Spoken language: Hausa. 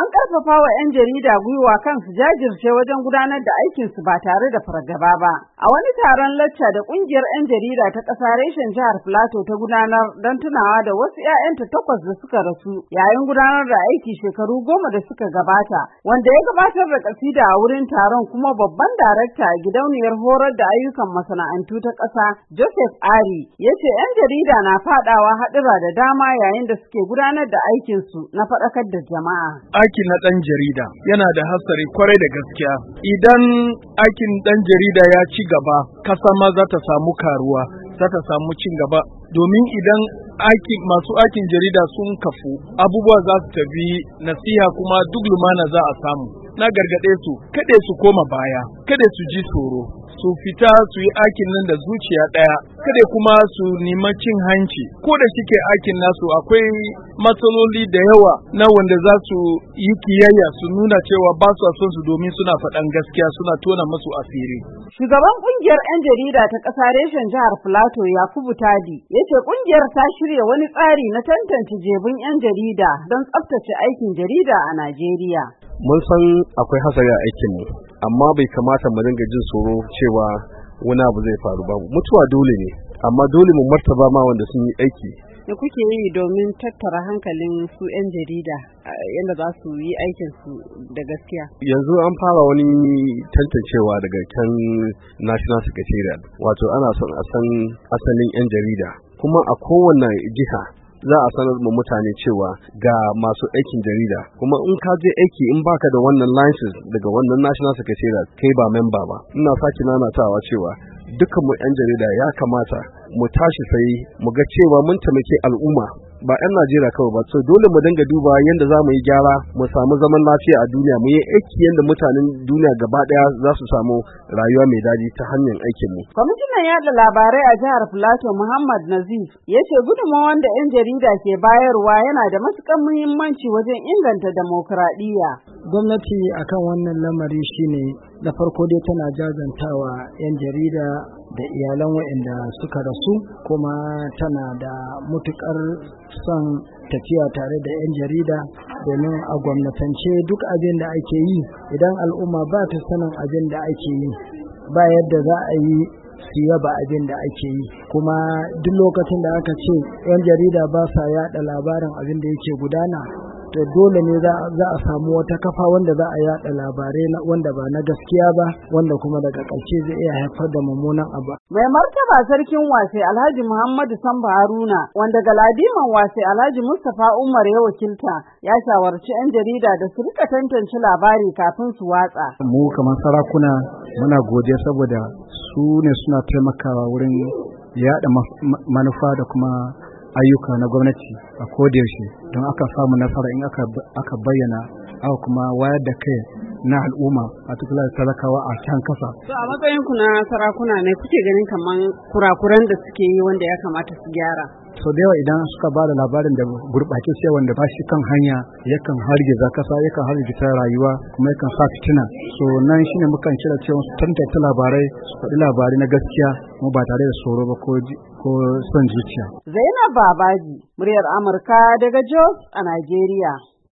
Uncle ƙarfafa wa 'yan jarida gwiwa kan su jajirce wajen gudanar da aikinsu ba tare da fargaba ba. A wani taron lacca da ƙungiyar 'yan jarida ta ƙasa reshen jihar Filato ta gudanar don tunawa da wasu 'ya'yanta takwas da suka rasu yayin gudanar da aiki shekaru goma da suka gabata, wanda ya gabatar da kasida a wurin taron kuma babban darakta a gidauniyar horar da ayyukan masana'antu ta ƙasa Joseph Ari ya ce 'yan jarida na faɗawa haɗura da dama yayin da suke gudanar da aikinsu na faɗakar da jama'a. Aiki na ɗan jarida yana da hasari kwarai da gaskiya idan aikin ɗan jarida ya ci gaba kasa ma za ta samu karuwa za ta samu cin gaba domin idan aiki masu aikin jarida sun kafu abubuwa za su tafi nasiha kuma duk lumana za a samu na gargaɗe su kada su koma baya kada su ji tsoro su fita su yi aikin nan da zuciya ɗaya kada kuma su nima cin hanci ko da shike aikin nasu akwai matsaloli da yawa na wanda za su yi kiyayya su nuna cewa ba su son su domin suna faɗan gaskiya suna tona masu asiri. Shugaban kungiyar 'yan jarida ta ƙasa reshen jihar Filato Yakubu Tadi ya ce kungiyar ta shirya wani tsari na tantance jebin 'yan jarida don tsaftace aikin jarida a Najeriya. mun san akwai hasari a aikin mu amma bai kamata mu dinga jin tsoro cewa wani abu zai faru ba mutuwa dole ne amma dole mu martaba ma wanda sun yi aiki da kuke yi domin tattara hankalin su 'yan jarida yadda za su yi aikin su da gaskiya yanzu an fara wani tantancewa daga can national secretariat wato ana son a san asalin 'yan jarida kuma a kowane jiha za a sanar ma mutane cewa ga masu aikin jarida kuma in ka je aiki in baka da wannan license daga wannan national secretariat kai ba member ba ina sake tawa cewa dukkan mu yan jarida ya kamata mu tashi sai mu ga cewa mun taimaki al'umma ba 'yan Najeriya kawai ba so dole mu dinga duba yadda za mu yi gyara mu samu zaman lafiya a duniya mu yi aiki yadda mutanen duniya gaba ɗaya za su samu rayuwa mai daɗi ta hanyar aikin mu. Kwamishinan yaɗa labarai a jihar Plateau Muhammad Nazif ya ce gudunmawar da 'yan jarida ke bayarwa yana da matuƙar muhimmanci wajen inganta dimokuraɗiyya gwamnati a kan wannan lamari shine da farko dai tana jazantawa 'yan jarida da iyalan waɗanda suka rasu kuma tana da mutukar son tafiya tare da 'yan jarida domin a gwamnatance duk abin da ake yi idan al'umma ba ta sanin abin da ake yi ba yadda za a yi su yaba abin da ake yi kuma duk lokacin da aka ce 'yan jarida ba sa yada labarin abin da yake gudana Da dole ne za a samu wata kafa wanda za a yada labarai wanda ba na gaskiya ba wanda kuma daga ƙarshe zai iya haifar da mummunan abu. Mai martaba sarkin wasai Alhaji Muhammadu Samba Haruna wanda galadiman wasai Alhaji Mustapha Umar ya wakilta ya shawarci 'yan jarida da su rika tantance labari kafin su watsa. Mu kamar sarakuna muna godiya saboda su ne suna taimakawa wurin yaɗa manufa da kuma ayyuka na gwamnati a yaushe don aka samu nasara in aka bayyana aka kuma wayar da kai na al'umma a tukula da talakawa a can kasa. so a matsayin ku sarakuna ne kuke ganin kamar kurakuran da suke yi wanda ya kamata su gyara. So da yawa idan suka ba da labarin da gurɓace sai wanda ba shi kan hanya yakan hargiza kasa yakan hargiza rayuwa kuma yakan sa fitina. So nan shine mukan cire cewa su tantance labarai su faɗi labari na gaskiya kuma ba tare da tsoro ba ko ko son zuciya. Zainab Babaji, muryar Amurka daga Jos a Najeriya.